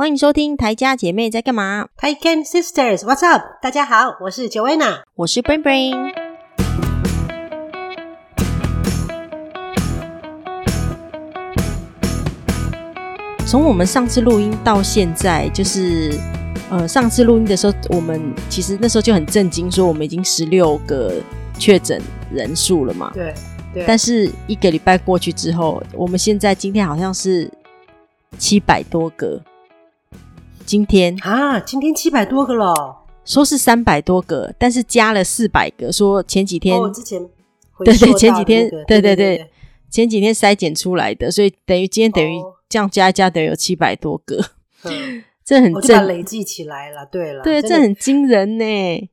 歡迎收聽《台家姐妹在幹嘛》。Taiken Sisters，What's up？大家好，我是 Joanna，我是 Brain Brain。從我們上次錄音到現在，就是呃，上次錄音的時候，我們其實那時候就很震驚，說我們已經十六個確診人數了嘛。對，對，但是一個禮拜過去之後，我們現在今天好像是七百多個。今天啊，今天七百多個咯，說是三百多個，但是加了四百個，說前幾天，哦，之前，那個，對對，前幾天，對對對，對，對對對，前幾天篩檢出來的，所以等於今天等於這樣加一加，等於有七百多個，嗯、這很真，這，哦、累積起來了，對了，對，的這很驚人呢，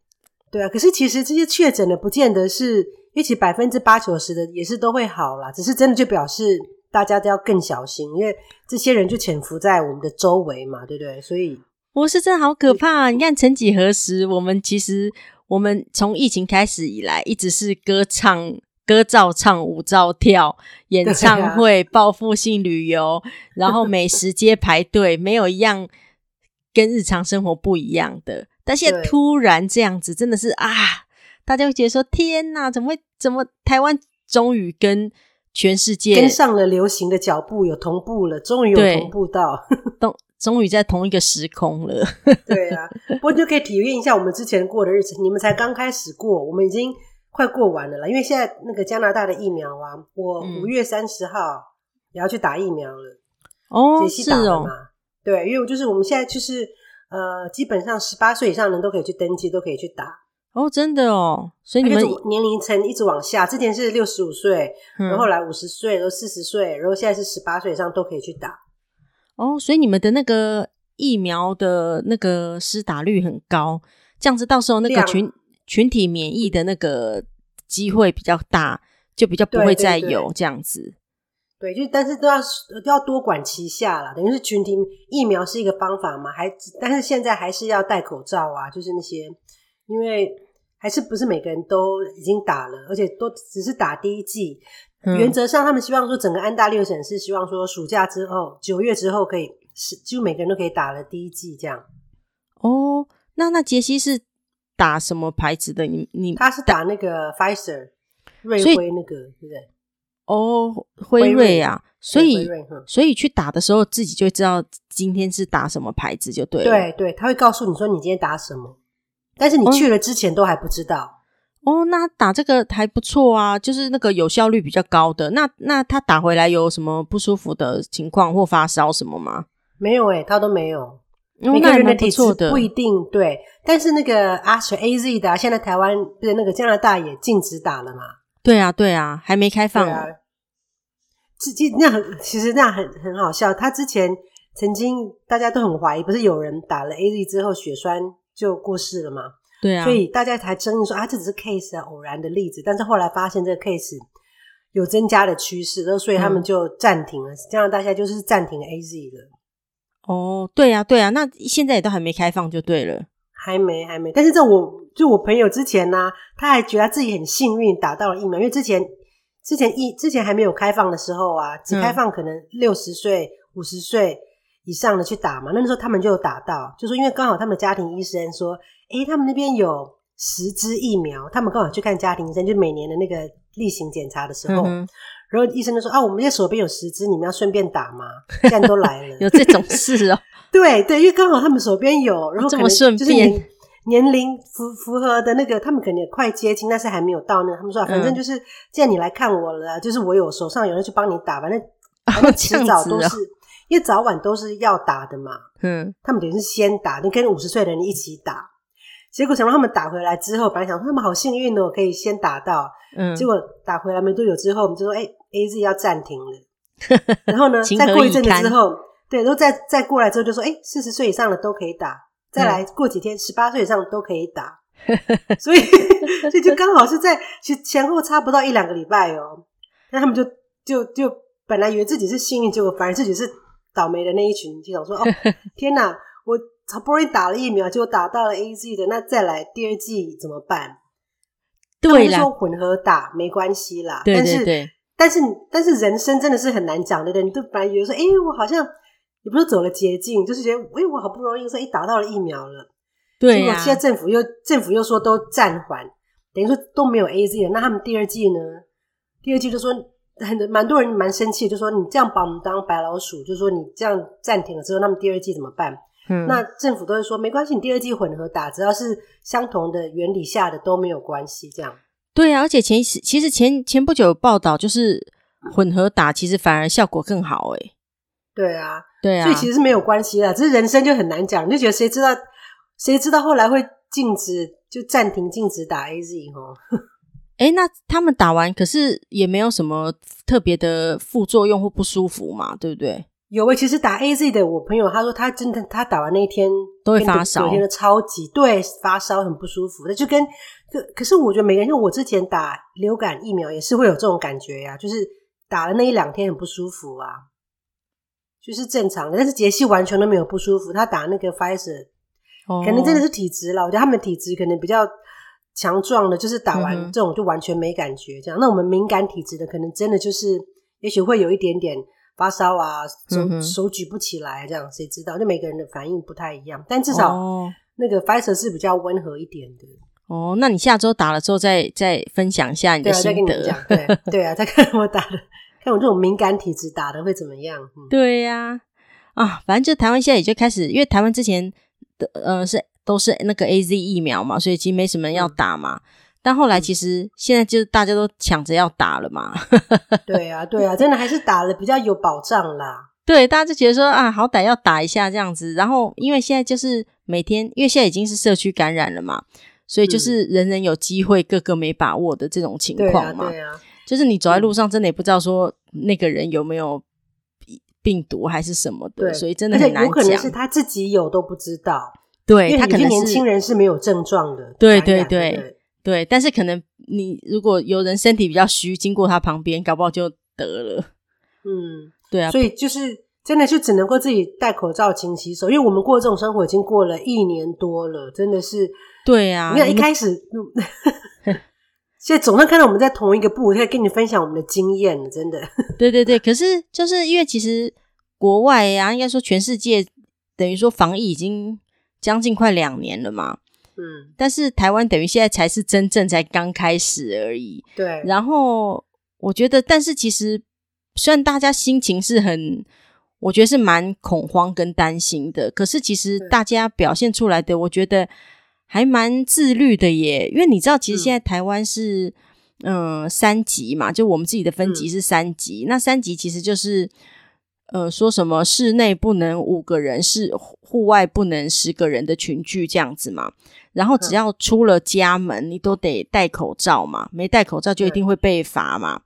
對啊，可是其實這些確診的不見得是一起百分之八九十的也是都會好了，只是真的就表示。大家都要更小心，因為這些人就潛伏在我們的周圍嘛，對不對？所以，我是真的好可怕、啊。你看，曾幾何時，我們其實我們從疫情開始以來，一直是歌唱歌照唱，舞照跳，演唱會、報復、啊、性旅遊，然後美食街排隊， 沒有一樣跟日常生活不一樣的。但現在對突然這樣子，真的是啊，大家會覺得說：天哪，怎麼會？怎麼台灣終於跟？全世界跟上了流行的腳步，有同步了，終於有同步到，都終於在同一個時空了。 對啊，不過就可以體驗一下我們之前過的日子。你們才剛開始過，我們已經快過完了啦。因為現在那個加拿大的疫苗啊，我五月三十號也要去打疫苗了。嗯、了哦，是哦。對，因為就是我們現在就是呃，基本上十八歲以上的人都可以去登記，都可以去打。哦，真的哦，所以你們年齡層一直往下，之前是六十五歲，然後來五十歲，然後四十歲，然後現在是十八歲以上都可以去打。哦，所以你們的那個疫苗的那個施打率很高，這樣子到時候那個群樣群體免疫的那個機會比較大，就比較不會再有這樣子。對，就但是都要都要多管齊下啦，等於是群體疫苗是一個方法嘛，還但是現在還是要戴口罩啊，就是那些因為。還是不是每個人都已經打了，而且都只是打第一劑。嗯、原則上，他們希望說整個安大略省是希望說暑假之後九月之後可以是就每個人都可以打了第一劑這樣。哦，那那杰西是打什麼牌子的？你你他是打那個 Pfizer 以瑞輝那個對不對？哦，輝瑞，瑞啊，所以所以，所以去打的時候自己就知道今天是打什麼牌子就對了。對對，他會告訴你說你今天打什麼。但是你去了之前都還不知道哦，那打這個還不錯啊，就是那個有效率比較高的。那那他打回來有什麼不舒服的情況或發燒什麼嗎？沒有哎、欸，他都沒有。因為那人的體質不一定不的對，但是那個阿水 A Z 的啊，現在台灣不是那個加拿大也禁止打了嘛？對啊，對啊，還沒開放對啊這這那很其實那很很好笑。他之前曾經大家都很懷疑，不是有人打了 A Z 之後血栓。就過世了嘛？對啊，所以大家才爭議說啊，這只是 case 啊，偶然的例子。但是後來發現這個 case 有增加的趨勢，然後所以他們就暫停了，嗯、這樣大家就是暫停 AZ 了。哦，對啊，對啊，那現在也都還沒開放就對了，還沒，還沒。但是這我就我朋友之前呢、啊，他還覺得他自己很幸運打到了疫苗，因為之前之前一之前還沒有開放的時候啊，只開放可能六十歲、五十歲。以上的去打嘛，那時候他們就有打到，就說因為剛好他們家庭醫生說，誒、欸，他們那邊有十支疫苗，他們剛好去看家庭醫生，就每年的那個例行檢查的時候，嗯嗯然後醫生就說啊，我們這手邊有十支，你們要順便打嗎？現在都來了， 有這種事哦、喔， 對對，因為剛好他們手邊有，然後可順，就是年年齡符符合的那個，他們可能也快接近，但是還沒有到呢、那個。他們說反正就是既然你來看我了，就是我有我手上有人去幫你打，反正他們遲早都是。因為早晚都是要打的嘛，嗯，他們等於是先打，你跟五十歲的人一起打，結果想讓他們打回來之後，本來想說他們好幸運哦，可以先打到，嗯，結果打回來沒多久之後，我們就說，哎、欸，A Z 要暫停了，然後呢，再過一陣子之後，對，然後再再過來之後，就說，哎、欸，四十歲以上的都可以打，再來過幾天，十八歲以上的都可以打，嗯、所以 所以就剛好是在其實前後差不到一兩個禮拜哦，那他們就就就本來以為自己是幸運，結果反而自己是。倒霉的那一群就想說：“哦，天哪！我好不容易打了疫苗，結果打到了 A Z 的，那再來第二季怎麼辦？”對了，說混合打沒關係啦。對對對，但是但是，但是人生真的是很難講對的，人都反而覺得說哎、欸，我好像也不是走了捷徑，就是覺得，哎、欸，我好不容易說一打到了疫苗了，對、啊、結果現在政府又政府又說都暫緩，等於說都沒有 A Z 了，那他們第二季呢？第二季就說。很多蠻多人蠻生氣，就說你這樣把我們當白老鼠，就說你這樣暫停了之後，那麼第二劑怎麼辦？嗯，那政府都是說沒關係，你第二劑混合打，只要是相同的原理下的都沒有關係。這樣。對啊，而且前其實前前不久有報道，就是混合打其實反而效果更好哎、欸。對啊，對啊，所以其實沒有關係的，只是人生就很難講，你就覺得誰知道誰知道後來會禁止就暫停禁止打 AZ 哦。哎，那他們打完，可是也沒有什麼特別的副作用或不舒服嘛，對不對？有啊，其實打 AZ 的我朋友他說他真的他打完那一天都會發燒，那一天都超級，對，發燒很不舒服。那就跟可可是我覺得每個人，因為我之前打流感疫苗也是會有這種感覺呀、啊，就是打了那一兩天很不舒服啊，就是正常的。但是傑西完全都沒有不舒服，他打那個、Pfizer、哦、可能真的是體質啦。我覺得他們體質可能比較。強壯的，就是打完這種就完全沒感覺，這樣。嗯、哼那我們敏感體質的，可能真的就是，也許會有一點點發燒啊，手、嗯、哼手舉不起來，這樣，誰知道？就每個人的反應不太一樣，但至少那個 Pfizer 是比較溫和一點的哦。哦，那你下周打了之後再，再再分享一下你的心得。對，對啊，再看我打的，看我這種敏感體質打的會怎麼樣。嗯、對呀、啊，啊，反正就台灣現在也就開始，因為台灣之前的，呃是。都是那個 AZ 疫苗嘛，所以其實沒什麼人要打嘛。嗯、但後來其實現在就是大家都搶着要打了嘛。 對啊，對啊，真的還是打了比較有保障啦。 對，大家就覺得說啊，好歹要打一下這樣子。然後因為現在就是每天，因為現在已經是社區感染了嘛，所以就是人人有機會，個個沒把握的這種情況嘛對啊，對啊，就是你走在路上，真的也不知道說那個人有沒有病毒還是什麼的，對所以真的很難講。有可能是他自己有都不知道。對因為他可能是他年輕人是沒有症狀的，對,染對對對對,對，但是可能你如果有人身體比較虛，經過他旁邊，搞不好就得了。嗯，對啊，所以就是真的就只能夠自己戴口罩、勤洗手。因為我們過這種生活已經過了一年多了，真的是。對啊。沒有，一開始，們 現在總算看到我們在同一個步，在跟你分享我們的經驗，真的。對對對， 可是就是因為其實國外啊，應該說全世界等於說防疫已經。將近快兩年了嘛，嗯，但是台灣等於現在才是真正才剛開始而已。對，然後我覺得，但是其實雖然大家心情是很，我覺得是蠻恐慌跟擔心的，可是其實大家表現出來的，我覺得還蠻自律的耶。因為你知道，其實現在台灣是嗯、呃、三級嘛，就我們自己的分級是三級，嗯、那三級其實就是。呃，說什麼室內不能五個人，室戶外不能十個人的群聚這樣子嘛？然後只要出了家門，嗯、你都得戴口罩嘛，沒戴口罩就一定會被罰嘛。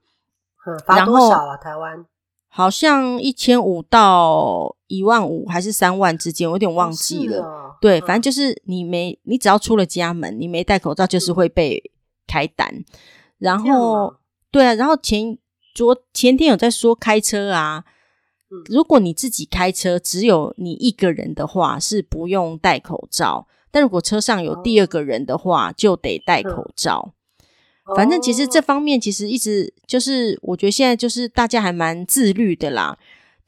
嗯嗯、罰多少啊？然後，台灣好像一千五到一萬五還是三萬之間，我有點忘記了。哦、對，反正就是你沒你只要出了家門，你沒戴口罩就是會被開單。嗯、然後對啊，然後前昨前天有在說開車啊。如果你自己開車，只有你一個人的話，是不用戴口罩；但如果車上有第二個人的話，哦，就得戴口罩。是反正其實這方面其實一直就是，我覺得現在就是大家還蠻自律的啦。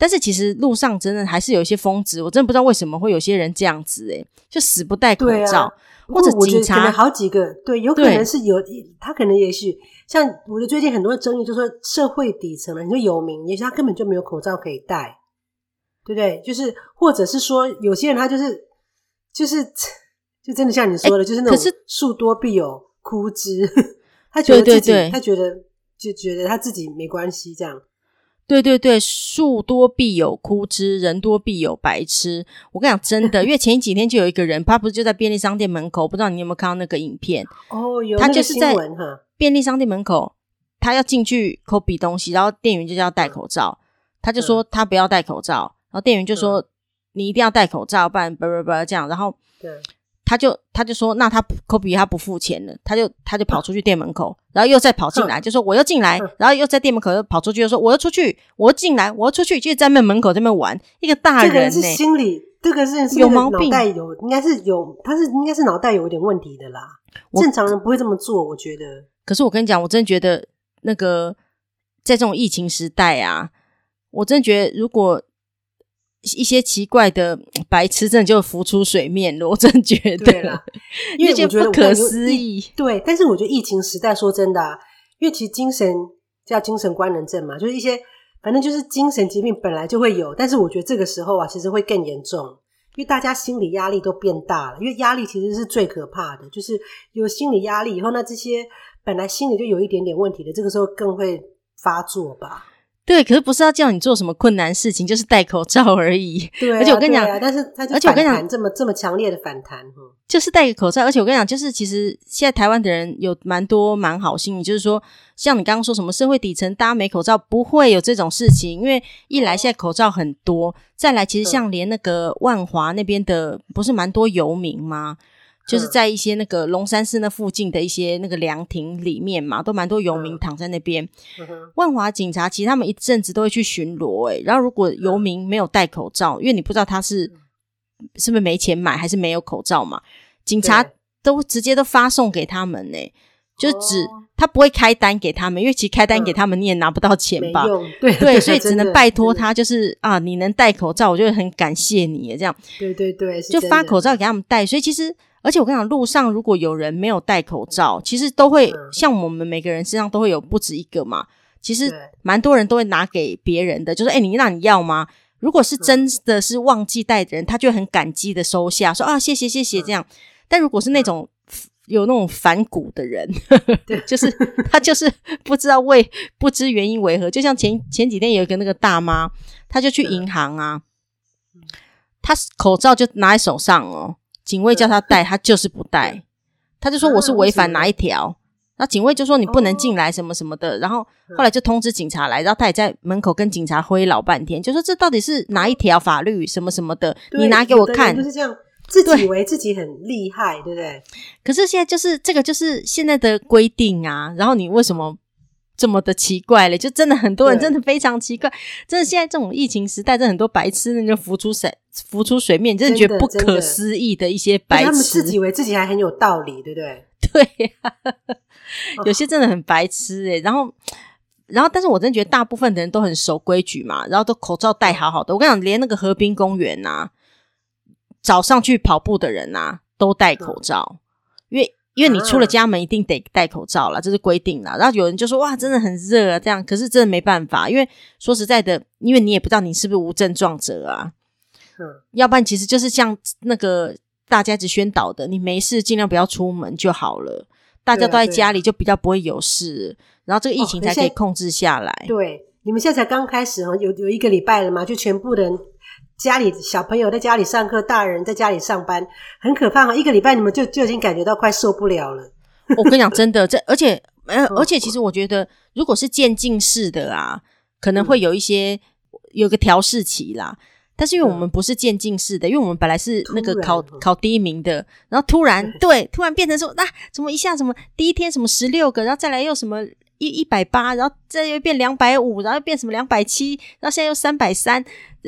但是其實路上真的還是有一些瘋子，我真的不知道為什麼會有些人這樣子、欸，哎，就死不戴口罩，啊、或者警察我覺得可能好幾個，對，有可能是有對他可能也，也許像我覺得最近很多爭議，就是說社會底層的你說有名，也許他根本就沒有口罩可以戴，對不對，對？就是或者是說有些人他就是就是就真的像你說的，欸、就是那種樹是多必有枯枝， 他覺得自己對對對對他覺得就覺得他自己沒關係這樣。對對對，樹多必有枯枝，人多必有白痴。我跟你講，真的，因為前幾天就有一個人， 他不是就在便利商店門口，不知道你有沒有看到那個影片？哦，有。他就是在便利商店門口，他要進去 copy 東西，然後店員就叫他戴口罩，嗯、他就說他不要戴口罩，嗯、然後店員就說、嗯、你一定要戴口罩，不然不然不要這樣，然後對。他就他就說，那他科比他不付錢了，他就他就跑出去店門口，嗯、然後又再跑進來，嗯、就說我要進來，嗯、然後又在店門口又跑出去，又說我要出去，嗯、我要進來，我要出去，就在那邊門口在那邊玩。一個大人心、欸、裡這個人是有毛病，有應該是有，他是應該是腦袋有點問題的啦。我正常人不會這麼做，我覺得。可是我跟你講，我真的覺得那個在這種疫情時代啊，我真的覺得如果。一些奇怪的白癡症就浮出水面了，我真覺得對啦，因為我覺得不可思議。對，但是我覺得疫情時代，說真的啊，因為其實精神叫精神官能症嘛，就是一些反正就是精神疾病本來就會有，但是我覺得這個時候啊，其實會更嚴重，因為大家心理壓力都變大了。因為壓力其實是最可怕的，就是有心理壓力以後，那這些本來心裡就有一點點問題的，這個時候更會發作吧。對，可是不是要叫你做什麼困難事情，就是戴口罩而已。對、啊，而且我跟你講、啊，但是他就反彈，而且我跟你講這麼這麼強烈的反彈、嗯、就是戴個口罩，而且我跟你講，就是其實現在台灣的人有蠻多蠻好心，就是說像你剛剛說什麼社會底層大家沒口罩不會有這種事情，因為一來現在口罩很多，嗯、再來其實像連那個萬華那邊的不是蠻多遊民嗎？就是在一些那個龍山寺那附近的一些那個涼亭裡面嘛，都蠻多游民躺在那邊。嗯嗯、萬華警察其實他們一陣子都會去巡邏，誒，然後如果游民沒有戴口罩，因為你不知道他是是不是沒錢買還是沒有口罩嘛，警察都直接都發送給他們，欸，誒就只他不會開單給他們，因為其實開單給他們你也拿不到錢吧，對、嗯、對，對所以只能拜託他，就是對對對啊，你能戴口罩，我就會很感謝你這樣。對對對，就發口罩給他們戴，所以其實。而且我跟你講，路上如果有人沒有戴口罩，其實都會對像我們每個人身上都會有不止一個嘛。其實蠻多人都會拿給別人的，就是誒、欸、你那你要嗎？如果是真的是忘記戴的人，他就很感激的收下，說啊，謝謝謝謝這樣。但如果是那種有那種反骨的人，對， 就是他就是不知道為不知原因為何，就像前前幾天有一個那個大媽，他就去銀行啊，對他口罩就拿在手上哦。警衛叫他帶，嗯、他就是不帶，嗯、他就說我是違反哪一條。那、嗯、警衛就說你不能進來，什麼什麼的。哦、然後後來就通知警察來，然後他也在門口跟警察揮老半天，就說這到底是哪一條法律什麼什麼的，對你拿給我看。就是這樣，自己以為自己很厲害，對不對？對、可是現在就是這個，就是現在的規定啊。然後你為什麼這麼的奇怪了？就真的很多人真的非常奇怪，對真的現在這種疫情時代，這很多白痴就浮出水浮出水面，真的覺得不可思議的一些白痴，他們自己以為自己還很有道理，對不對？對、啊， 有些真的很白痴哎、欸。然後，然後，但是我真的覺得大部分的人都很守規矩嘛，然後都口罩戴好好的。我跟你講，連那個河濱公園吶、啊，早上去跑步的人吶、啊，都戴口罩，對因為。因為你出了家門一定得戴口罩啦。嗯、這是規定啦。然後有人就說哇，真的很熱啊，這樣可是真的沒辦法。因為說實在的，因為你也不知道你是不是無症狀者啊，嗯，要不然其實就是像那個大家一直宣導的，你沒事儘量不要出門就好了，大家都在家裡就比較不會有事，啊啊、然後這個疫情才可以控制下來。哦、對，你們現在才剛開始，有有一個禮拜了嘛，就全部人。家裡小朋友在家裡上課，大人在家裡上班，很可怕啊！一個禮拜你們就就已經感覺到快受不了了。 我跟你講，真的，這而且，呃、而且其實我覺得，如果是漸進式的啊，可能會有一些，嗯、有一個調試期啦。但是因為我們不是漸進式的，嗯、因為我們本來是那個考，嗯、考第一名的，然後突然對，對突然變成說那、啊、怎麼一下什麼第一天什麼十六個，然後再來又什麼。一一百八，180，然後這又變兩百五，然後又變什麼兩百七，然後現在又三百三，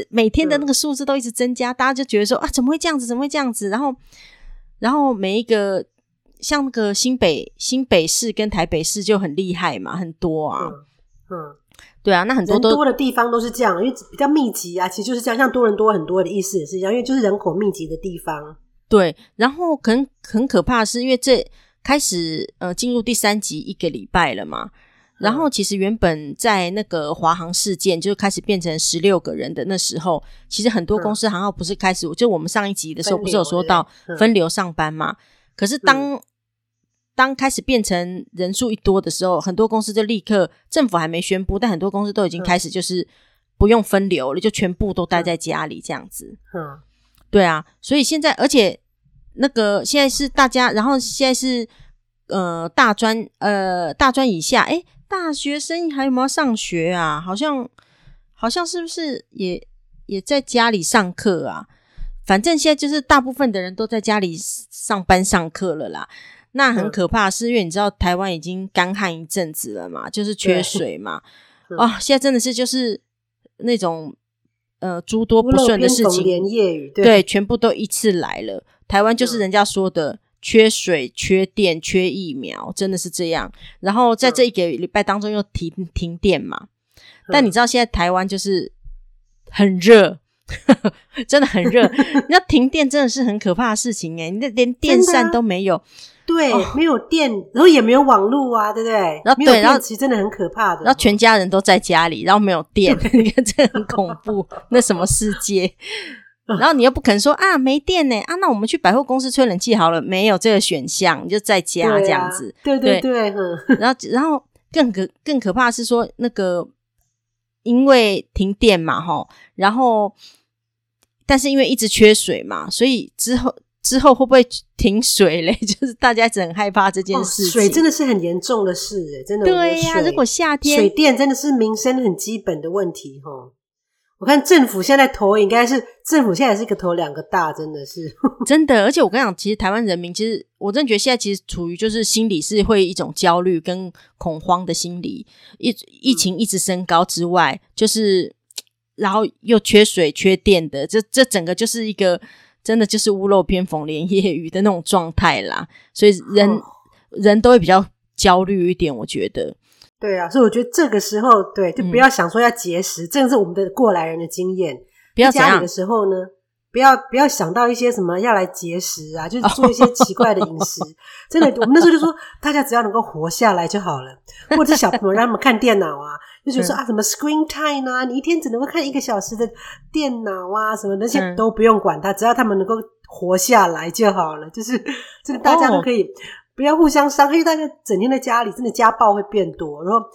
每天的那個數字都一直增加，嗯、大家就覺得說啊，怎麼會這樣子？怎麼會這樣子？然後，然後每一個像那個新北、新北市跟台北市就很厲害嘛，很多啊，嗯，嗯對啊，那很多多的地方都是這樣，因為比較密集啊，其實就是這樣，像多人多很多的意思也是一樣，因為就是人口密集的地方。對，然後很很可怕的是，因為這。開始呃，進入第三集一個禮拜了嘛，嗯、然後其實原本在那個華航事件就開始變成十六個人的那時候，其實很多公司行號不是開始，嗯、就我們上一集的時候不是有說到分流上班嘛？嗯、可是當對當開始變成人數一多的時候，很多公司就立刻，政府還沒宣布，但很多公司都已經開始就是不用分流了，就全部都待在家裡這樣子。嗯嗯、對啊，所以現在而且。那個現在是大家，然後現在是呃大專呃大專以下，欸，大學生還有沒有上學啊？好像好像是不是也也在家裡上課啊？反正現在就是大部分的人都在家裡上班上課了啦。那很可怕是，是、嗯、因為你知道台灣已經乾旱一陣子了嘛，就是缺水嘛。嗯、哦，現在真的是就是那種。呃，諸多不順的事情，連夜雨對，對，全部都一次來了。台灣就是人家說的，嗯、缺水、缺電、缺疫苗，真的是這樣。然後在這一個禮拜當中又停，嗯、停電嘛。嗯、但你知道現在台灣就是很熱， 真的很熱。你知道 停電真的是很可怕的事情哎，欸，你連電扇都沒有。對，哦、沒有電，然後也沒有網絡啊，對不對？然後對，然後其實真的很可怕的，然後全家人都在家裡，然後沒有電，你看這 很恐怖， 那什麼世界？然後你又不肯說啊，沒電呢啊，那我們去百貨公司吹冷氣好了，沒有這個選項，你就在家，啊、這樣子，對對對。對呵呵，然後，然後更可更可怕的是說那個，因為停電嘛，吼，然後，但是因為一直缺水嘛，所以之後。之後會不會停水嘞？就是大家一直很害怕這件事情，哦、水真的是很嚴重的事哎、欸，真的。對呀、啊，水如果夏天水電真的是民生很基本的問題哈。我看政府現在頭應該是政府現在是一個頭兩個大，真的是真的。而且我跟你講，其實台灣人民其實我真的覺得現在其實處於就是心理是會一種焦慮跟恐慌的心理，疫疫情一直升高之外，就是然後又缺水缺電的，這這整個就是一個。真的就是屋漏偏逢連夜雨的那種狀態啦，所以人、哦、人都會比較焦慮一點，我覺得。對啊，所以我覺得這個時候，對，就不要想說要節食，嗯、這是我們的過來人的經驗。不要在家裡的時候呢，樣不要不要想到一些什麼要來節食啊，就是做一些奇怪的飲食。 真的，我們那時候就說，大家只要能夠活下來就好了。或者是小朋友讓他們看電腦啊。 就覺得說啊，什麼 screen time 啊，你一天只能夠看一個小時的電腦啊，什麼那些都不用管它，嗯、只要他們能夠活下來就好了。就是這個大家都可以不要互相傷害，哦、因為大家整天在家裡，真的家暴會變多，然後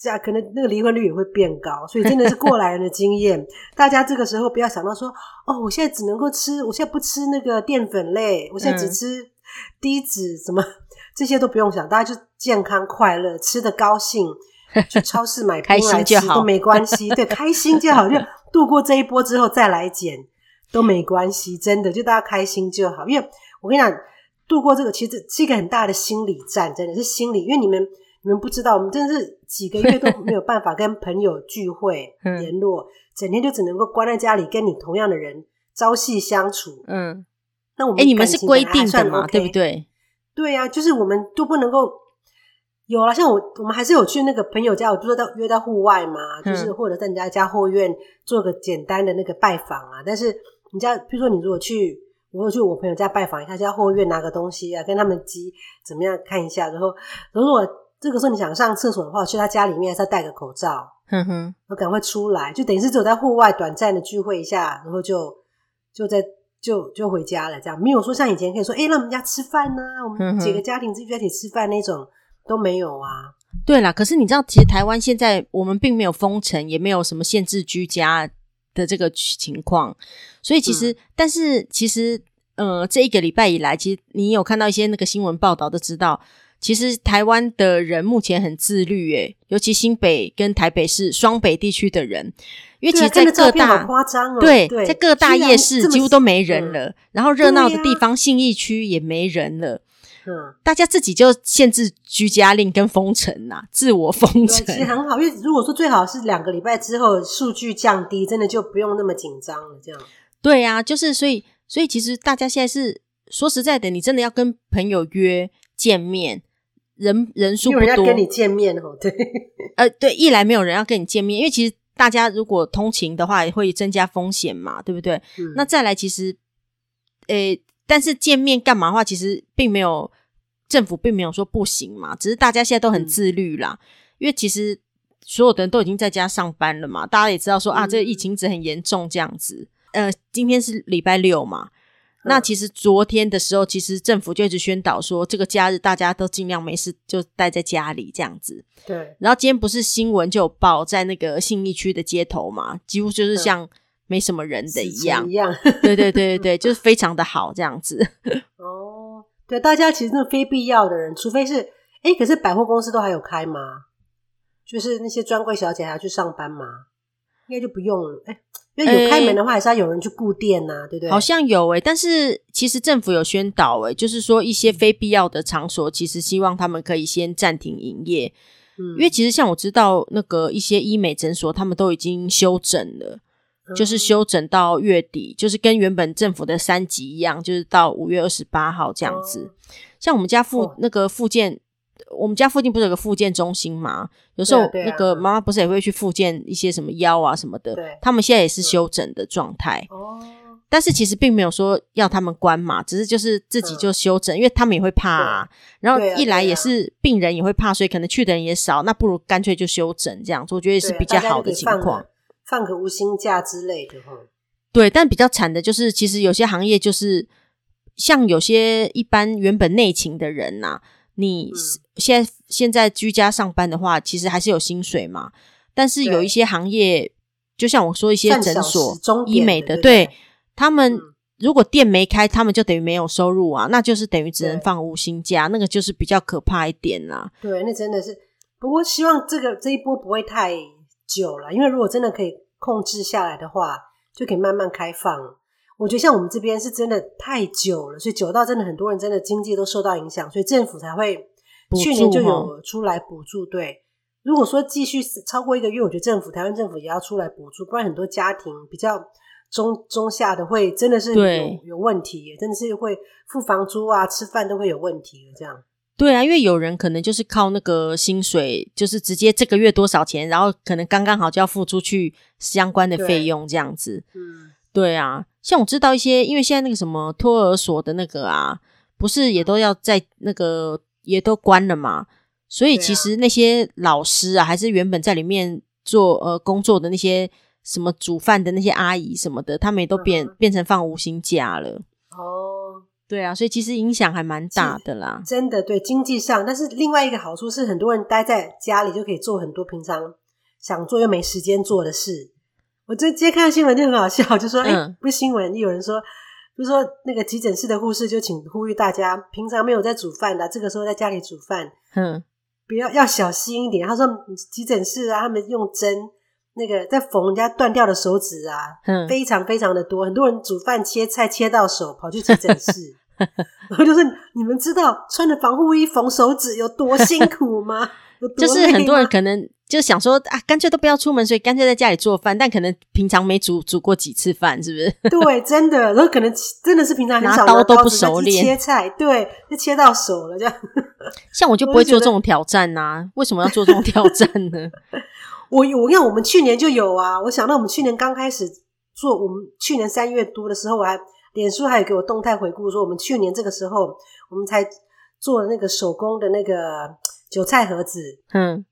家可能那個離婚率也會變高。所以真的是過來人的經驗， 大家這個時候不要想到說哦，我現在只能夠吃，我現在不吃那個澱粉類，我現在只吃低脂，什麼這些都不用想，大家就健康快樂，吃得高興。去超市買冰來吃都沒關係，對，開心就好，就度過這一波之後再來減 都沒關係，真的就大家開心就好。因為我跟你講，度過這個其實是一個很大的心理戰，真的是心理。因為你們你們不知道，我們真的是幾個月都沒有辦法跟朋友聚會聯 絡，整天就只能夠關在家裡跟你同樣的人朝夕相處。嗯，那我們哎、OK 欸，你們是規定的嘛，對不對？對啊，就是我們都不能夠。有啊，像我我們還是有去那個朋友家，我不是在約在戶外嘛，就是或者在人家家後院做個簡單的那個拜訪啊。但是人家，比如說你如果去，如果去我朋友家拜訪一下，他家後院拿個東西啊，跟他們雞怎麼樣看一下，然後如果這個時候你想上廁所的話，去他家裡面還是要戴個口罩，嗯哼，然後趕快出來，就等於是只有在戶外短暫的聚會一下，然後就就在就就回家了，這樣沒有說像以前可以說，哎、欸，那我們家吃飯呢、啊，我們幾個家庭自己在一起吃飯那種。都沒有啊，對啦，可是你知道，其實台灣現在，我們並沒有封城，也沒有什麼限制居家的這個情況，所以其實，嗯、但是其實，呃，這一個禮拜以來，其實你有看到一些那個新聞報道都知道，其實台灣的人目前很自律，誒，尤其新北跟台北市，雙北地區的人，因為其實，在各大對、啊、誇張、哦，對，對，在各大夜市幾乎都沒人了，然、嗯、然後熱鬧的地方、啊、信義區也沒人了。嗯，大家自己就限制居家令跟封城吶、啊，自我封城其實很好，因為如果說最好是兩個禮拜之後數據降低，真的就不用那麼緊張了。這樣對啊，就是所以所以其實大家現在是說實在的，你真的要跟朋友約見面，人人數不多，沒有人要跟你見面哦。對，呃，對，一來沒有人要跟你見面，因為其實大家如果通勤的話，也會增加風險嘛，對不對？嗯、那再來，其實誒。呃但是見面幹嘛的話，其實並沒有政府，並沒有說不行嘛，只是大家現在都很自律啦，嗯、因為其實所有的人都已經在家上班了嘛，大家也知道說、嗯、啊，這個疫情真的很嚴重這樣子。呃，今天是禮拜六嘛，嗯、那其實昨天的時候，其實政府就一直宣導說，這個假日大家都盡量沒事就待在家裡這樣子。對，然後今天不是新聞就有報在那個信義區的街頭嘛，幾乎就是像。沒什麼人的一樣，一樣， 對對對對 就是非常的好這樣子。哦，對，大家其實那非必要的人，除非是哎、欸，可是百貨公司都還有開嗎？就是那些專櫃小姐還要去上班嗎？應該就不用了。哎、欸，因為有開門的話，還是要有人去顧店吶，欸、對不對？好像有哎、欸，但是其實政府有宣導哎、欸，就是說一些非必要的場所，其實希望他們可以先暫停營業。嗯，因為其實像我知道那個一些醫美診所，他們都已經休整了。就是休診到月底，嗯、就是跟原本政府的三級一樣，就是到五月二十八號這樣子。哦，像我們家附、哦，那個復健，我們家附近不是有個復健中心嘛？有時候那個媽媽不是也會去復健一些什麼腰啊什麼的。對他們現在也是休診的狀態，嗯、但是其實並沒有說要他們關嘛，只是就是自己就休診，嗯、因為他們也會怕啊，對然後一來也是病人也會怕，所以可能去的人也少，那不如乾脆就休診這樣子，我覺得也是比較好的情況。放個無薪假之類的哈，嗯、對，但比較慘的就是，其實有些行業就是像有些一般原本內勤的人吶、啊，你現在、嗯、現在居家上班的話，其實還是有薪水嘛。但是有一些行業，對就像我說一些診所、醫美的，對，對、啊、他們、嗯、如果店沒開，他們就等於沒有收入啊，那就是等於只能放無薪假，對那個就是比較可怕一點啦、啊。對，那真的是，不過希望這個這一波不會太久了，因為如果真的可以。控制下來的話，就可以慢慢開放。我覺得像我們這邊是真的太久了，所以久到真的很多人真的經濟都受到影響，所以政府才會去年就有出來補助。補助，對，如果說繼續超過一個月，我覺得政府台灣政府也要出來補助，不然很多家庭比較中中下的會真的是有對有問題，也真的是會付房租啊、吃飯都會有問題的這樣。對啊，因為有人可能就是靠那個薪水，就是直接這個月多少錢，然後可能剛剛好就要付出去相關的費用這樣子。對，對啊，像我知道一些，因為現在那個什麼托兒所的那個啊，不是也都要在那個也都關了嘛，所以其實那些老師啊，啊還是原本在裡面做呃工作的那些什麼煮飯的那些阿姨什麼的，他們也都變、嗯、哼變成放無薪假了。哦。對啊，所以其實影響還蠻大的啦。真的，對，經濟上，但是另外一個好處是，很多人待在家裡就可以做很多平常想做又沒時間做的事。我最近看到新聞就很好笑，就說，哎、嗯欸，不是新聞，有人說，就說那個急診室的護士就請呼籲大家，平常沒有在煮飯的，這個時候在家裡煮飯，嗯，不要要小心一點。他說，急診室啊，他們用針那個在縫人家斷掉的手指啊，嗯、非常非常的多，很多人煮飯切菜切到手，跑去急診室。 然後就是你們知道穿着防護衣縫手指有多辛苦嗎？ 就是很多人可能就想說啊，乾脆都不要出門，所以乾脆在家裡做飯。但可能平常沒煮煮過幾次飯，是不是？ 對，真的，然後可能真的是平常很少拿刀，都不熟練切菜，對，就切到手了。這樣， 像我就不會做這種挑戰啊。 為什麼要做這種挑戰呢？ 我我因為我們去年就有啊。我想到我們去年剛開始做，我們去年三月多的時候我還。臉書還有給我動態回顧說，我們去年這個時候，我們才做了那個手工的那個韭菜盒子，嗯，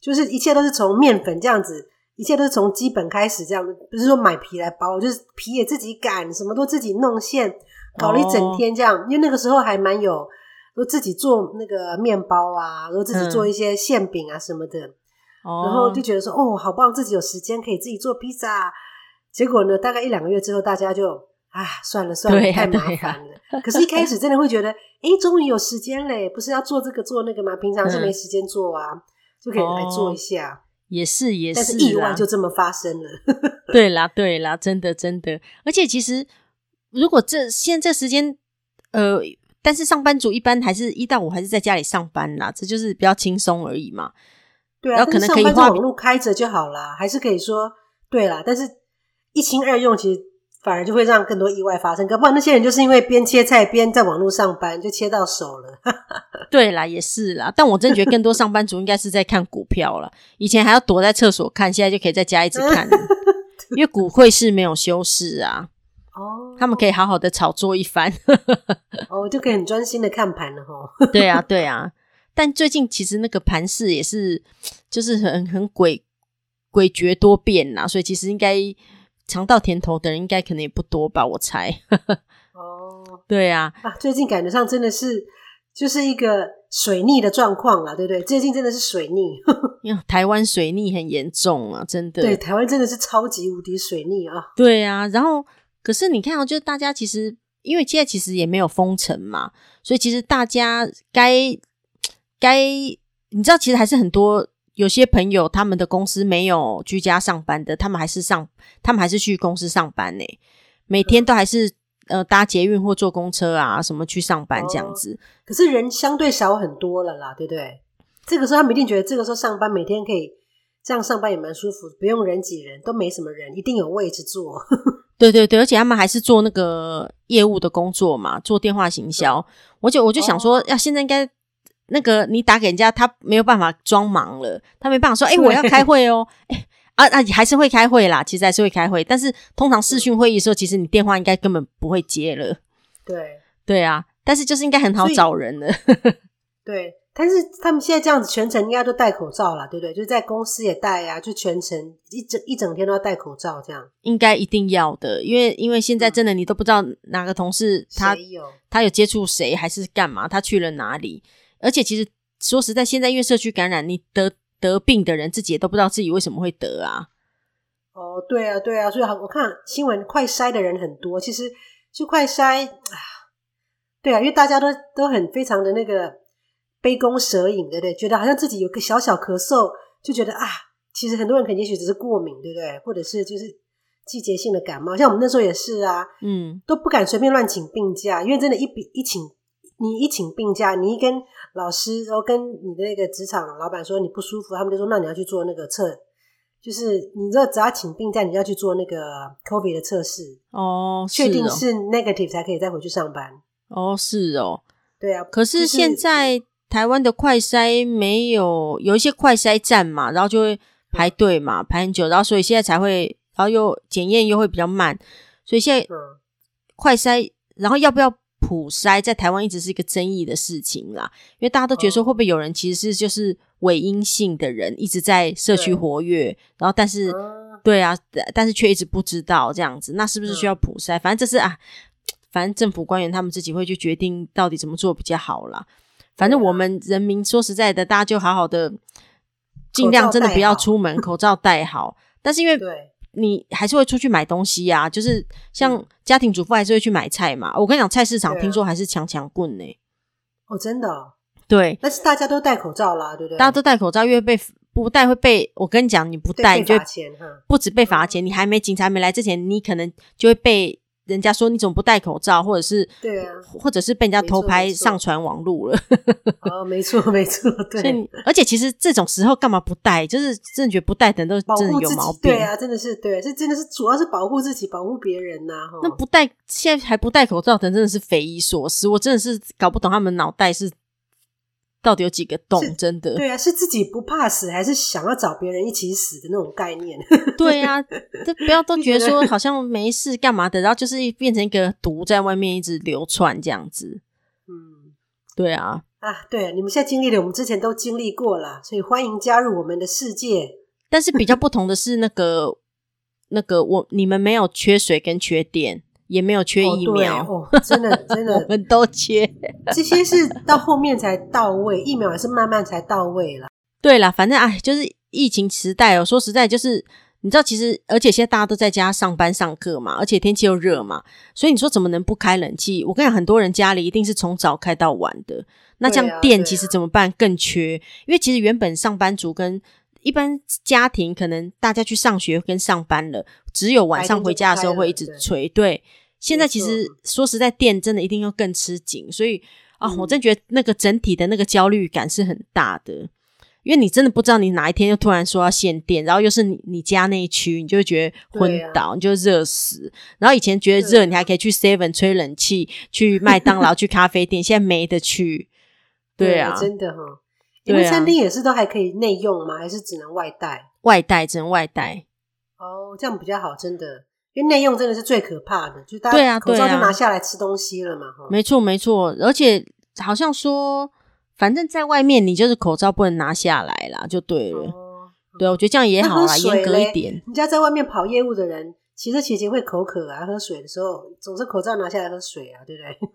就是一切都是從麵粉這樣子，一切都是從基本開始這樣子，不是說買皮來包，就是皮也自己擀，什麼都自己弄餡，搞了一整天這樣。哦、因為那個時候還蠻有，都自己做那個麵包啊，然後自己做一些餡餅啊什麼的，嗯、然後就覺得說哦，好棒，自己有時間可以自己做披薩、啊。結果呢，大概一兩個月之後，大家就。啊，算了算了，對啊、太麻煩了。啊啊、可是一開始真的會覺得，哎、 欸，終於有時間嘞，不是要做這個做那個嗎？平常是沒時間做啊，嗯、就可以來做一下。哦、也是也是，但是意外就這麼發生了。 對啦對啦，真的真的，而且其實如果這現在這時間，呃，但是上班族一般還是一到五還是在家裡上班啦，這就是比較輕鬆而已嘛。對啊，然後可能可以網絡開着就好啦，以還是可以說對啦，但是一心二用其實。反而就會讓更多意外發生，可不然那些人就是因為邊切菜邊在網絡上班，就切到手了。 對啦，也是啦。但我真覺得更多上班族應該是在看股票了。 以前還要躲在廁所看，現在就可以在家一直看， 因為股會是沒有休市啊。哦，oh, 他們可以好好的炒作一番。哦 ，oh, 就可以很專心的看盤了齁。 對啊，對啊。但最近其實那個盤勢也是，就是很很詭詭譎多變啦，所以其實應該。嘗到甜頭的人應該可能也不多吧？我猜。 哦，對呀啊，啊，最近感覺上真的是就是一個水逆的狀況啦，對不對？最近真的是水逆， 台灣水逆很嚴重啊，真的。對，台灣真的是超級無敵水逆啊。對呀、啊，然後可是你看啊，就是大家其實因為現在其實也沒有封城嘛，所以其實大家該該，該你知道，其實還是很多。有些朋友他們的公司沒有居家上班的，他們還是上，他們還是去公司上班欸，每天都還是呃搭捷運或坐公車啊什麼去上班這樣子，哦。可是人相對少很多了啦，對不對？這個時候他們一定覺得這個時候上班，每天可以這樣上班也蠻舒服，不用人擠人，都沒什麼人，一定有位置坐。 對對對，而且他們還是做那個業務的工作嘛，做電話行銷。嗯、我就我就想說，呀、哦啊，現在應該。那個你打給人家，他沒有辦法裝忙了，他沒辦法說：“哎，我要開會哦。 欸”啊啊，你還是會開會啦，其實還是會開會，但是通常視訊會議的時候，其實你電話應該根本不會接了。對對啊，但是就是應該很好找人的。對，但是他們現在這樣子，全程應該都戴口罩了，對不對，對？就是在公司也戴啊，就全程一整一整天都要戴口罩，這樣應該一定要的，因為因為現在真的你都不知道哪個同事他誰，有他有接觸誰，還是幹嘛，他去了哪裡。而且其實說實在，現在因為社區感染，你得得病的人自己也都不知道自己為什麼會得啊。哦，對啊，對啊，所以我看新聞快篩的人很多。其實就快篩啊，對啊，因為大家都都很非常的那個杯弓蛇影，對不對？覺得好像自己有個小小咳嗽，就覺得啊，其實很多人可能也許只是過敏，對不對？或者是就是季節性的感冒，像我們那時候也是啊，嗯，都不敢隨便亂請病假，因為真的一比一請你一請病假，你一跟老師，然後跟你的那個職場老闆說你不舒服，他們就說，那你要去做那個測，就是你知道只要請病假，你要去做那個 COVID 的測試哦，確、哦、定是 negative 才可以再回去上班哦，是哦，對啊。可是現在台灣的快篩沒有，有一些快篩站嘛，然後就會排隊嘛，嗯、排很久，然後所以現在才會，然後又檢驗又會比較慢，所以現在快篩，然後要不要？普篩在台灣一直是一個爭議的事情啦，因為大家都覺得說，會不會有人其實是就是偽陰性的人一直在社區活躍，對然後但是、嗯、對啊，但是卻一直不知道這樣子，那是不是需要普篩？嗯、反正這是啊，反正政府官員他們自己會去決定到底怎麼做比較好啦。反正我們人民說實在的，大家就好好的盡量真的不要出門，口罩戴好， 口罩戴好。但是因為對。你還是會出去買東西呀、啊，就是像家庭主婦還是會去買菜嘛。我跟你講，菜市場聽說還是強強滾呢、欸。哦，真的、哦。對。但是大家都戴口罩啦，對不對？大家都戴口罩，因為被不戴會被。我跟你講，你不戴你就不止被罰錢，嗯、你還沒警察還沒來之前，你可能就會被。人家說你怎麼不戴口罩？或者是對啊，或者是被人家偷拍上傳網路了。 哦，沒錯沒錯，對。而且其實這種時候幹嘛不戴，就是真的覺得不戴的人都真的有毛病，對啊，真的是對，這真的是主要是保護自己、保護別人吶、啊。那不戴現在還不戴口罩的人真的是匪夷所思，我真的是搞不懂他們腦袋是到底有幾個洞？是真的對啊，是自己不怕死，還是想要找別人一起死的那種概念？ 對啊，不要都覺得說好像沒事幹嘛的，然後就是變成一個毒在外面一直流竄這樣子。嗯，對啊，啊，對啊，啊，對，你們現在經歷了，我們之前都經歷過啦，所以歡迎加入我們的世界。但是比較不同的是，那個 那個我你們沒有缺水跟缺電。也沒有缺疫苗，真的、哦啊哦、真的，我們都缺， 這些是到後面才到位， 疫苗也是慢慢才到位啦。對啦，反正哎，就是疫情時代哦，說實在就是，你知道，其實而且現在大家都在家上班上課嘛，而且天氣又熱嘛，所以你說怎麼能不開冷氣？我跟你講，很多人家裡一定是從早開到晚的，那這樣電、啊啊、其實怎麼辦？更缺，因為其實原本上班族跟一般家庭可能大家去上學跟上班了，只有晚上回家的時候會一直吹，對。現在其實說實在，電真的一定要更吃緊，所以啊、哦，我真覺得那個整體的那個焦慮感是很大的，因為你真的不知道你哪一天又突然說要限電，然後又是你你家那一區，你就會覺得昏倒，啊、你就熱死。然後以前覺得熱，了你還可以去 Seven 吹冷氣，去麥當勞， 去咖啡店，現在沒得去，對啊，對欸、真的哈。你們餐廳也是都還可以內用嗎？還是只能外帶？外帶只能外帶。哦，這樣比較好，真的。因為內用真的是最可怕的，就大家口罩就拿下來吃東西了嘛、對啊，對啊。沒錯，沒錯，而且好像說，反正在外面你就是口罩不能拿下來了，就對了。嗯嗯、對，我覺得這樣也好啊，嚴格一點。人家在外面跑業務的人，其實其實會口渴啊，喝水的時候總是口罩拿下來喝水啊，對不對？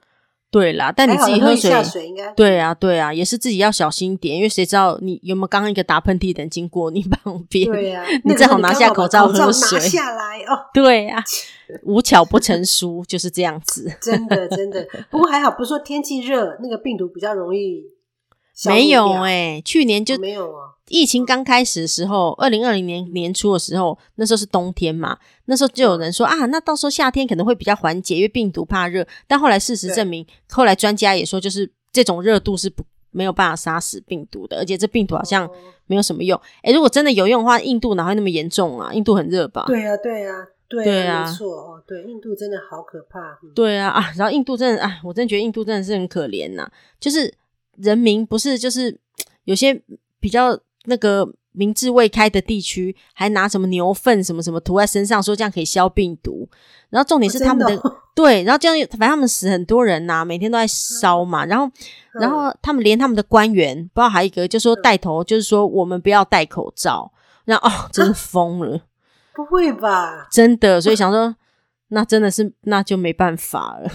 對啦，但你自己喝水，喝水對啊，對啊，也是自己要小心點，因為誰知道你有沒有剛剛一個打噴嚏的人經過你旁邊，對啊， 你正好拿下口罩，喝水。口罩拿下來哦，對啊，無巧不成書， 就是這樣子，真的真的。真的 不過還好，不是說天氣熱，那個病毒比較容易。沒有哎、欸，去年就，沒有啊。疫情剛開始的時候，二零二零年年初的時候，那時候是冬天嘛，那時候就有人說啊，那到時候夏天可能會比較緩解，因為病毒怕熱。但後來事實證明，對後來專家也說，就是這種熱度是不沒有辦法殺死病毒的，而且這病毒好像沒有什麼用。哎、哦欸，如果真的有用的話，印度哪會那麼嚴重啊？印度很熱吧？對啊，對啊，對啊，沒錯、啊、哦，對，印度真的好可怕。嗯、對啊啊，然後印度真的啊我真覺得印度真的是很可憐吶、啊，就是。人民不是就是有些比較那個民智未開的地區，還拿什麼牛糞什麼什麼塗在身上，說這樣可以消病毒。然後重點是他們的、哦、的對，然後這樣反正他們死很多人吶、啊，每天都在燒嘛。然後然後他們連他們的官員，不知道還有一個就說帶頭，就是說我們不要戴口罩。然後哦，真的瘋了、啊，不會吧？真的，所以想說，那真的是那就沒辦法了。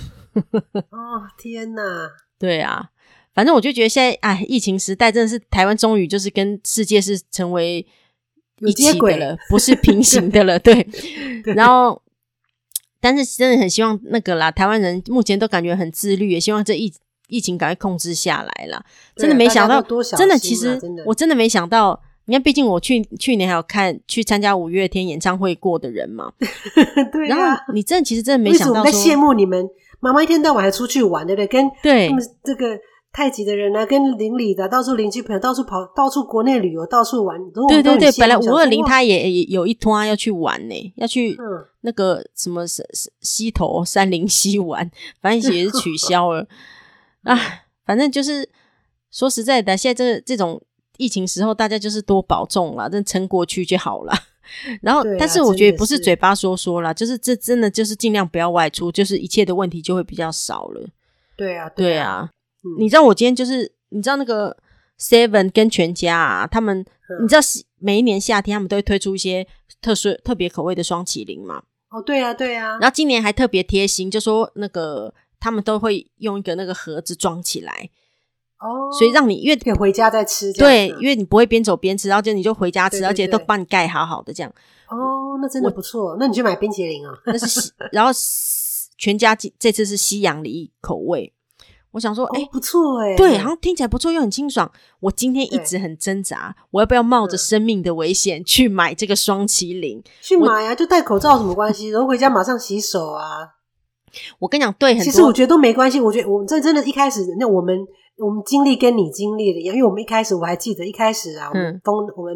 哦天哪，對啊。反正我就覺得現在，哎，疫情時代真的是台灣終於就是跟世界是成為一起的了，接不是平行的了。 對、然後，但是真的很希望那個啦，台灣人目前都感覺很自律，也希望這疫疫情趕快控制下來啦。真的沒想到，啊啊、真的其實，真的我真的沒想到。你看，畢竟我去去年還有看去參加五月天演唱會過的人嘛， 對、啊、然後你真的其實真的沒想到，我我在羨慕你們媽媽一天到晚還出去玩的嘞，跟對他們這個。太極的人呢、啊，跟鄰里的到處鄰居朋友到處跑，到處國內旅遊到處玩。都對對對，本來五二零他也，哇也有一趟要去玩呢、欸，要去那個什麼溪溪頭杉林溪玩，反正也是取消了。 啊，反正就是說實在的，現在這這種疫情時候，大家就是多保重啦，真撐過去就好了。然後，啊、但是我覺得不是嘴巴說說啦，是就是這真的就是儘量不要外出，就是一切的問題就會比較少了。對啊，對啊。對啊嗯、你知道我今天就是你知道那個 Seven 跟全家啊，他們，呵你知道每一年夏天他們都會推出一些特殊特別口味的霜淇淋嗎？哦，對啊對啊。然後今年還特別貼心，就說那個他們都會用一個那個盒子裝起來哦，所以讓你因為可以回家再吃、啊。對，因為你不會邊走邊吃，然後就你就回家吃，對對對而且都幫你蓋好好的這樣。哦，那真的不錯。我那你就買冰淇淋啊。 那是，然後全家這這次是西洋梨口味。我想說，哎、欸哦，不錯哎，對，好像聽起來不錯，又很清爽。我今天一直對很掙扎，我要不要冒着生命的危險、嗯、去買這個雙麒麟？我去買啊，就戴口罩什麼關係？然後回家馬上洗手啊！我跟你講，對很多，其實我覺得都沒關係。我覺得我這真的，真的一開始那我們我們經歷跟你經歷了因為我們一開始我還記得，一開始啊，我們封、嗯、我們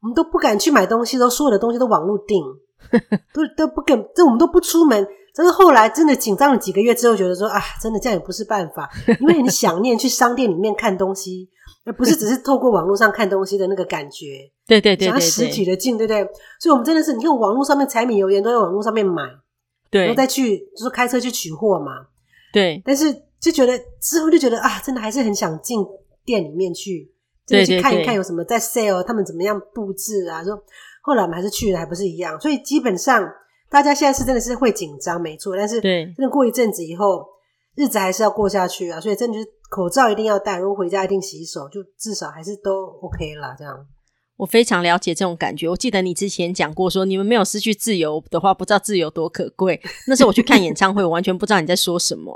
我們都不敢去買東西，然後所有的東西都網路訂， 都都不敢，這我們都不出門。但是後來真的緊張了幾個月之後，覺得說啊，真的這樣也不是辦法，因為很想念去商店裡面看東西， 而不是只是透過網絡上看東西的那個感覺。 對對對，對，對，對，想要實體的進，對不對？所以，我們真的是你看網絡上面柴米油鹽都在網絡上面買，對，然後再去就是開車去取貨嘛。對，但是就覺得之後就覺得啊，真的還是很想進店裡面去，真的去看一看有什麼在 sale，他們怎麼樣佈置啊？說後來我們還是去了，還不是一樣。所以基本上。大家現在是真的是會緊張，沒錯，但是真的過一陣子以後，對日子還是要過下去啊，所以真的就是口罩一定要戴，如果回家一定洗手，就至少還是都 OK 啦，這樣。我非常了解這種感覺。我記得你之前講過說，說你們沒有失去自由的話，不知道自由多可貴。那時候我去看演唱會， 我完全不知道你在說什麼。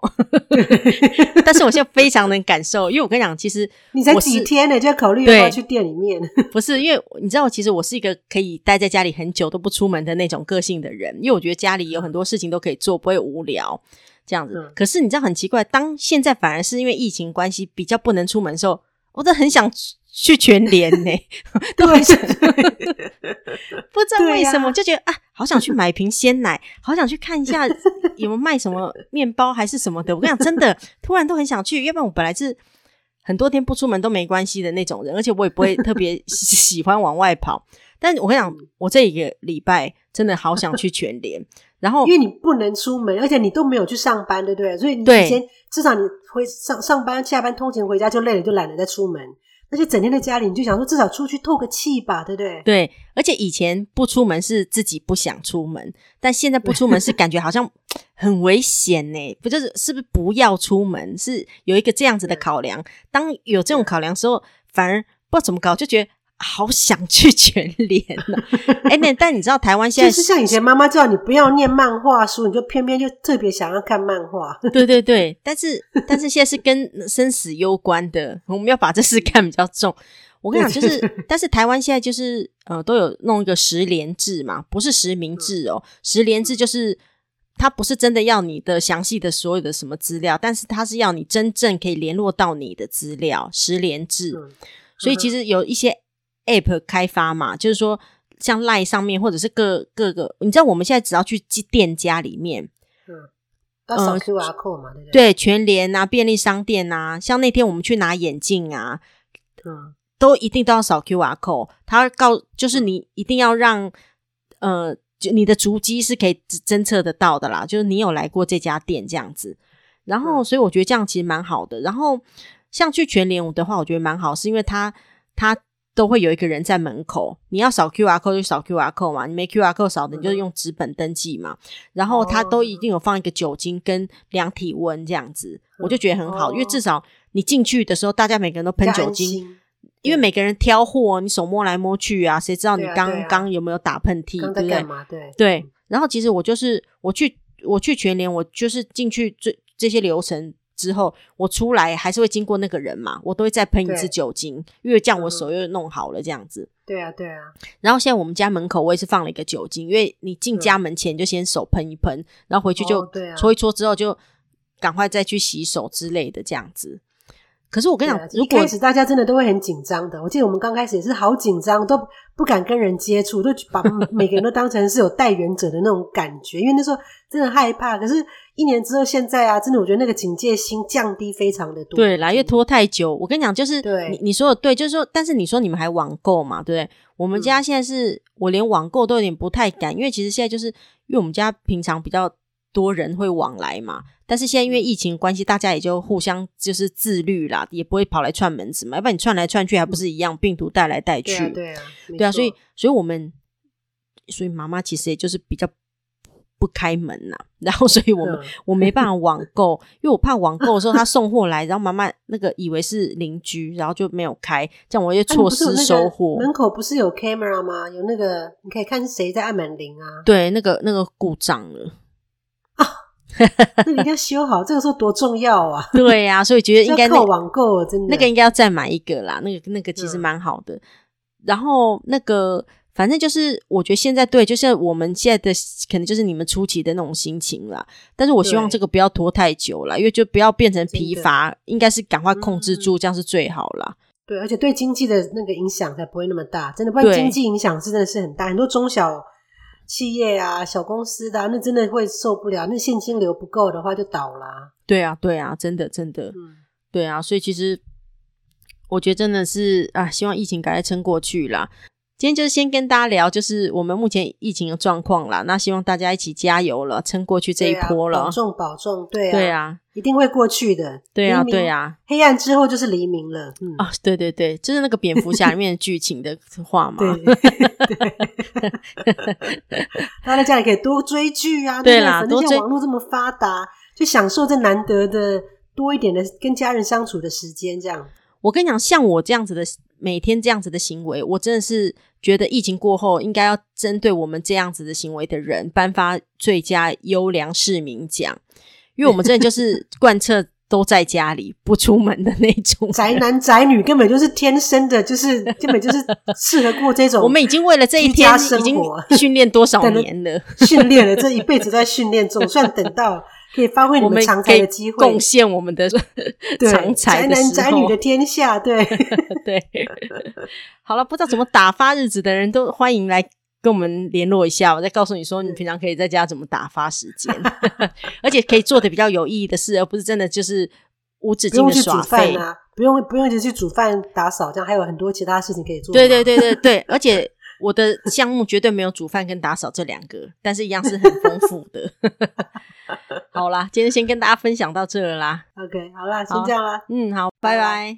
但是我現在非常能感受，因為我跟你講，其實你才幾天呢、欸，就要考慮對要不要去店裡面？ 不是，因為你知道，其實我是一個可以待在家裡很久都不出門的那種個性的人，因為我覺得家裡有很多事情都可以做，不會無聊這樣子。嗯、可是你知道，很奇怪，當現在反而是因為疫情關係比較不能出門的時候，我都很想。去全聯呢、欸，都很想， 不知道為什麼、啊、就覺得啊，好想去買瓶鮮奶，好想去看一下有沒有賣什麼麵包還是什麼的。我跟你講，真的突然都很想去。要不然我本來是很多天不出門都沒關係的那種人，而且我也不會特別喜歡往外跑。 但我跟你講，我這一個禮拜真的好想去全聯。然後，因為你不能出門，而且你都沒有去上班，對不對？所以你以前對至少你會上上班、下班通勤回家就累了，就懶得再出門。那就整天在家裡，你就想說，至少出去透個氣吧，對不對？對，而且以前不出門是自己不想出門，但現在不出門是感覺好像很危險呢、欸。不 就是是不是不要出門？是有一個這樣子的考量。當有這種考量的時候，反而不知道怎麼搞，就覺得。好想去全聯呢、啊！哎、 欸，但但你知道台灣現在是，是像以前媽媽叫你不要念漫畫書，你就偏偏就特別想要看漫畫。 對對對，但是但是現在是跟生死攸關的，我們要把這事看比較重。我跟你講，就是 但是台灣現在就是呃都有弄一個實聯制嘛，不是實名制哦，實、嗯、聯制就是它不是真的要你的詳細的所有的什麼資料，但是它是要你真正可以聯絡到你的資料實聯制，嗯嗯、所以其實有一些。app 開發嘛，就是說像 LINE 上面或者是各各個，你知道我們現在只要去店家裡面，嗯，都要掃 QR Code，對不對？呃、對，全聯啊，便利商店啊，像那天我們去拿眼鏡啊，嗯，都一定都要掃 QR Code，他告就是你一定要讓、嗯、呃，就你的足跡是可以偵測得到的啦，就是你有來過這家店這樣子。然後，嗯、所以我覺得這樣其實蠻好的。然後，像去全聯的話，我覺得蠻好，是因為他他。它都會有一個人在門口，你要掃 QR code 就掃 QR code 嘛，你沒 QR code 掃的你就用紙本登記嘛。嗯、然後他都一定有放一個酒精跟量體溫這樣子，嗯、我就覺得很好，嗯、因為至少你進去的時候，大家每個人都噴酒精，心因為每個人挑貨，你手摸來摸去啊，誰知道你剛對啊對啊剛有沒有打噴嚏，對不對？對。對嗯、然後其實我就是我去我去全聯，我就是進去這這些流程。之後我出來還是會經過那個人嘛，我都會再噴一次酒精，因為這樣我手又弄好了這樣子。嗯、對啊，對啊。然後現在我們家門口我也是放了一個酒精，因為你進家門前就先手噴一噴，嗯、然後回去就搓一搓，之後就趕快再去洗手之類的這樣子。可是我跟你講，剛、啊、果開始大家真的都會很緊張的。我記得我們剛開始也是好緊張，都不敢跟人接觸，都把每個人都當成是有帶原者的那種感覺， 因為那時候真的害怕。可是。一年之後，現在啊，真的，我覺得那個警戒心降低非常的多。對啦，因為拖太久。我跟你講，就是對你你說的對，就是說，但是你說你們還網購嘛，對不對？我們家現在是、嗯、我連網購都有點不太敢，因為其實現在就是因為我們家平常比較多人會往來嘛，但是現在因為疫情關係，大家也就互相就是自律啦，也不會跑來串門子嘛，要不然你串來串去還不是一樣、嗯、病毒帶來帶去？對啊，對啊，對啊，錯所以所以我們所以媽媽其實也就是比較。不開門吶、啊，然後所以我，我們、嗯、我沒辦法網購， 因為我怕網購的時候他送貨來，然後媽媽那個以為是鄰居，然後就沒有開，這樣我就錯失收貨。啊、門口不是有 camera 嗎？有那個你可以看誰在按門鈴啊？對，那個那個故障了啊、哦！那個、一定要修好， 這個時候多重要啊！對啊，所以覺得應該、那個、靠網購真的那個應該要再買一個啦，那個那個其實蠻好的。嗯、然後那個。反正就是，我覺得現在對，就是我們現在的可能就是你們初期的那種心情啦。但是我希望這個不要拖太久了，對因為就不要變成疲乏，真的應該是趕快控制住，嗯嗯嗯，這樣是最好啦。對，而且對經濟的那個影響才不會那麼大。真的，不然經濟影響真的是很大，對很多中小企業啊、小公司的、啊、那真的會受不了，那現金流不夠的話就倒啦、啊。對啊，對啊，真的真的，嗯、對啊。所以其實我覺得真的是啊，希望疫情趕快撐過去啦。今天就是先跟大家聊，就是我們目前疫情的狀況啦。那希望大家一起加油了，撐過去這一波了。保重，保重，對啊，對啊，一定會過去的。對啊，對啊，黑暗之後就是黎明了。嗯。啊，對對對，就是那個蝙蝠俠裡面的劇情的話嘛。對，那在家裡可以多追劇啊，對啊，多追。網絡這麼發達，就享受這難得的多一點的跟家人相處的時間。這樣，我跟你講，像我這樣子的。每天這樣子的行為，我真的是覺得疫情過後應該要針對我們這樣子的行為的人頒發最佳優良市民獎，因為我們真的就是貫徹都在家裡 不出門的那種宅男宅女，根本就是天生的，就是根本就是適合過這種 我們已經為了這一天已經訓練多少年了，訓練了這一輩子在訓練，總算等到。可以發揮你們長才的機會，貢獻我們的對，長才的。宅男宅女的天下，對 對。好了，不知道怎麼打發日子的人都歡迎來跟我們聯絡一下。我再告訴你說，你平常可以在家怎麼打發時間， 而且可以做的比較有意義的事，而不是真的就是無止境的去煮飯啊，不用不用一直，去煮飯，打掃這樣還有很多其他事情可以做。對對對對對，而且。我的項目絕對沒有煮飯跟打掃這兩個，但是一樣是很豐富的。 好啦，今天先跟大家分享到這了啦。OK，好啦，好，先這樣啦。嗯，好，拜拜 bye。Bye bye